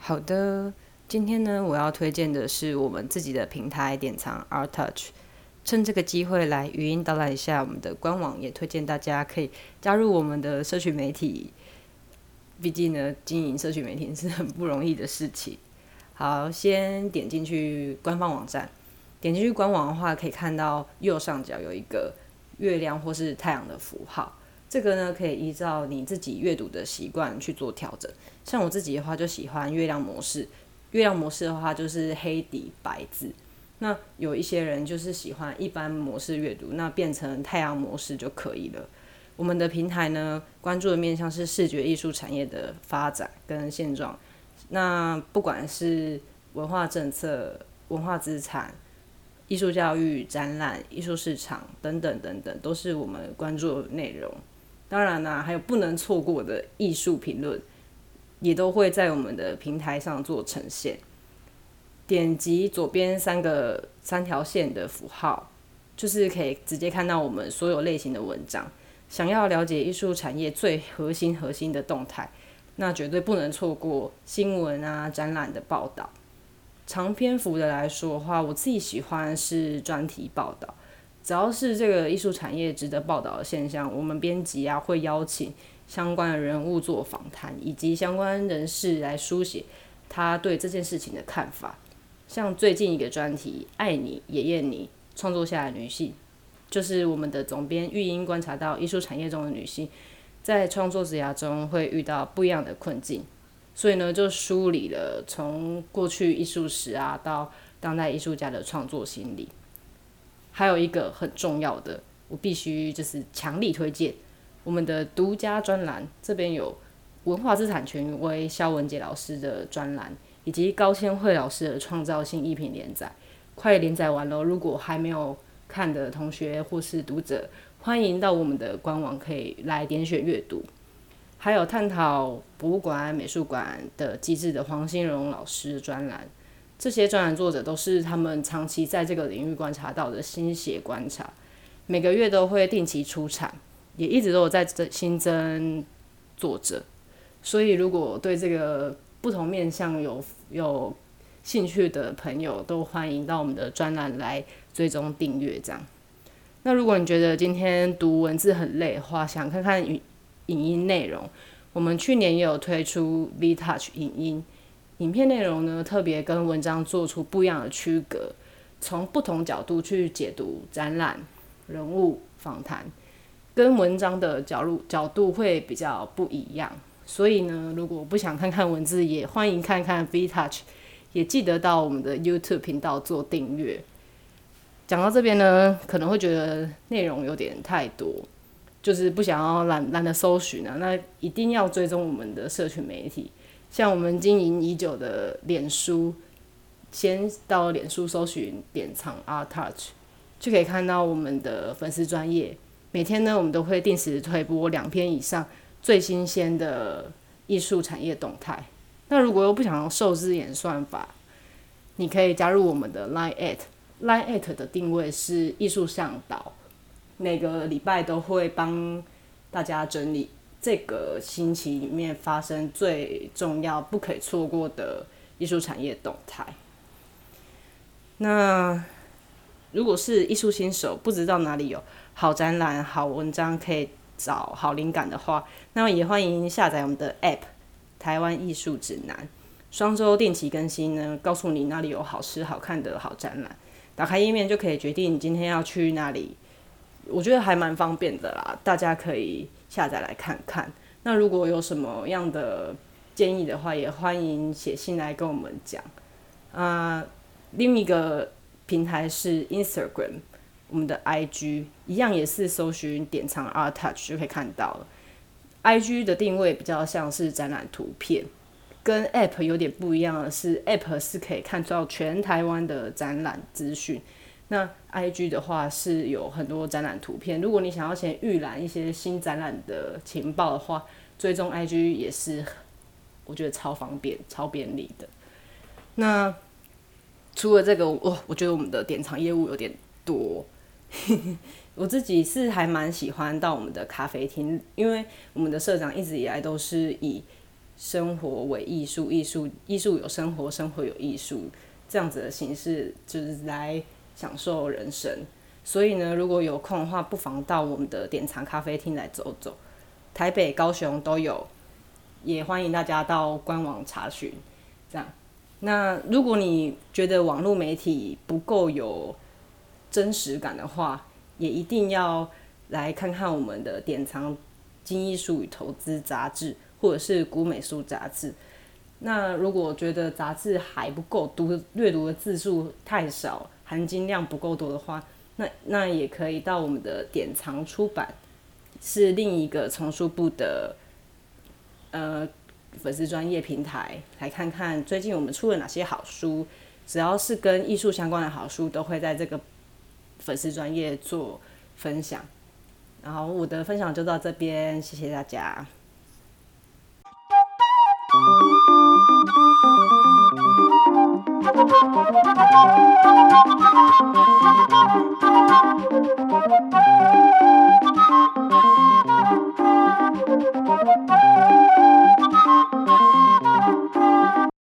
好的，今天呢，我要推薦的是我們自己的平台典藏 ARTouch。趁這個機會來語音導覽一下我們的官網，也推薦大家可以加入我們的社群媒體。畢竟呢，經營社群媒體是很不容易的事情。好，先點進去官方網站。點進去官網的話，可以看到右上角有一個月亮或是太陽的符號。這個呢，可以依照你自己閱讀的習慣去做調整。像我自己的話，就喜歡月亮模式。月亮模式的話，就是黑底白字。那有一些人就是喜歡一般模式閱讀，那變成太陽模式就可以了。我們的平台呢，關注的面向是視覺藝術產業的發展跟現狀。那不管是文化政策、文化資產、藝術教育、展覽、藝術市場等等等等，都是我們關注的內容。當然呢、啊，還有不能錯過的藝術評論，也都會在我們的平台上做呈現。點擊左邊三個三條線的符號，就是可以直接看到我們所有類型的文章。想要了解藝術產業最核心核心的動態，那絕對不能錯過新聞啊、展覽的報道。長篇幅的來說的話，我自己喜歡是專題報道。只要是這個藝術產業值得報道的現象，我們編輯啊會邀請相關的人物做訪談，以及相關人士來書寫他對這件事情的看法。像最近一個專題“愛你，也愛你”，創作下來的女性。就是我們的總編玉音觀察到藝術產業中的女性在創作生涯中會遇到不一樣的困境，所以呢就梳理了從過去藝術史啊到當代藝術家的創作心理。還有一個很重要的，我必須就是強力推薦我們的獨家專欄，這邊有文化資產權威蕭文杰老師的專欄，以及高千惠老師的創造性藝品連載，快連載完了，如果還沒有。看的同學或是讀者，歡迎到我們的官網可以來點選閱讀。還有探討博物館、美術館的機制的黃新榮老師專欄，這些專欄作者都是他們長期在這個領域觀察到的心血觀察，每個月都會定期出產，也一直都有在新增作者。所以，如果對這個不同面向有有，興趣的朋友都歡迎到我們的專欄來追蹤訂閱。這樣，那如果你覺得今天讀文字很累的話，想看看影影音內容，我們去年也有推出 V Touch 影音影片內容呢，特別跟文章做出不一樣的區隔，從不同角度去解讀展覽、人物訪談，跟文章的角度角度會比較不一樣。所以呢，如果不想看看文字，也歡迎看看 V Touch。也記得到我們的 YouTube 頻道做訂閱。講到這邊呢，可能會覺得內容有點太多，就是不想要懶懶得搜尋啊。那一定要追蹤我們的社群媒體，像我們經營已久的臉書，先到臉書搜尋“典藏 ARTouch”，就可以看到我們的粉絲專頁。每天呢，我們都會定時推播兩篇以上最新鮮的藝術產業動態。那如果又不想用受制演算法，你可以加入我們的 Line at，Line at 的定位是藝術向導，每個禮拜都會幫大家整理這個星期裡面發生最重要、不可以錯過的藝術產業動態。那如果是藝術新手，不知道哪裡有好展覽、好文章可以找好靈感的話，那麼也歡迎下載我們的 App。台灣藝術指南，雙周定期更新呢，告訴你哪裡有好吃、好看的好展覽。打開頁面就可以決定你今天要去哪裡，我覺得還蠻方便的啦。大家可以下載來看看。那如果有什麼樣的建議的話，也歡迎寫信來跟我們講。啊、呃，另一個平台是 Instagram，我們的 IG 一樣也是搜尋典藏 ARTouch 就可以看到了。IG 的定位比較像是展覽圖片，跟 App 有點不一樣的是，是 App 是可以看到全台灣的展覽資訊，那 IG 的話是有很多展覽圖片。如果你想要先預覽一些新展覽的情報的話，追蹤 IG 也是，我覺得超方便、超便利的。那除了這個，我、哦、我覺得我們的典藏業務有點多。 我自己是還蠻喜歡到我們的咖啡廳，因為我們的社長一直以來都是以生活為藝術，藝術藝術有生活，生活有藝術這樣子的形式，就是來享受人生。所以呢，如果有空的話，不妨到我們的典藏咖啡廳來走走，台北、高雄都有，也歡迎大家到官網查詢。這樣，那如果你覺得網絡媒體不夠有真實感的話，也一定要來看看我們的《典藏今藝術與投資雜誌》或者是《古美術雜誌》。那如果覺得雜誌還不夠讀，閱讀的字數太少，含金量不夠多的話，那那也可以到我們的典藏出版，是另一個叢書部的呃粉絲專業平台，來看看最近我們出了哪些好書。只要是跟藝術相關的好書，都會在這個。粉絲專業做分享，然後我的分享就到這邊，謝謝大家。嗯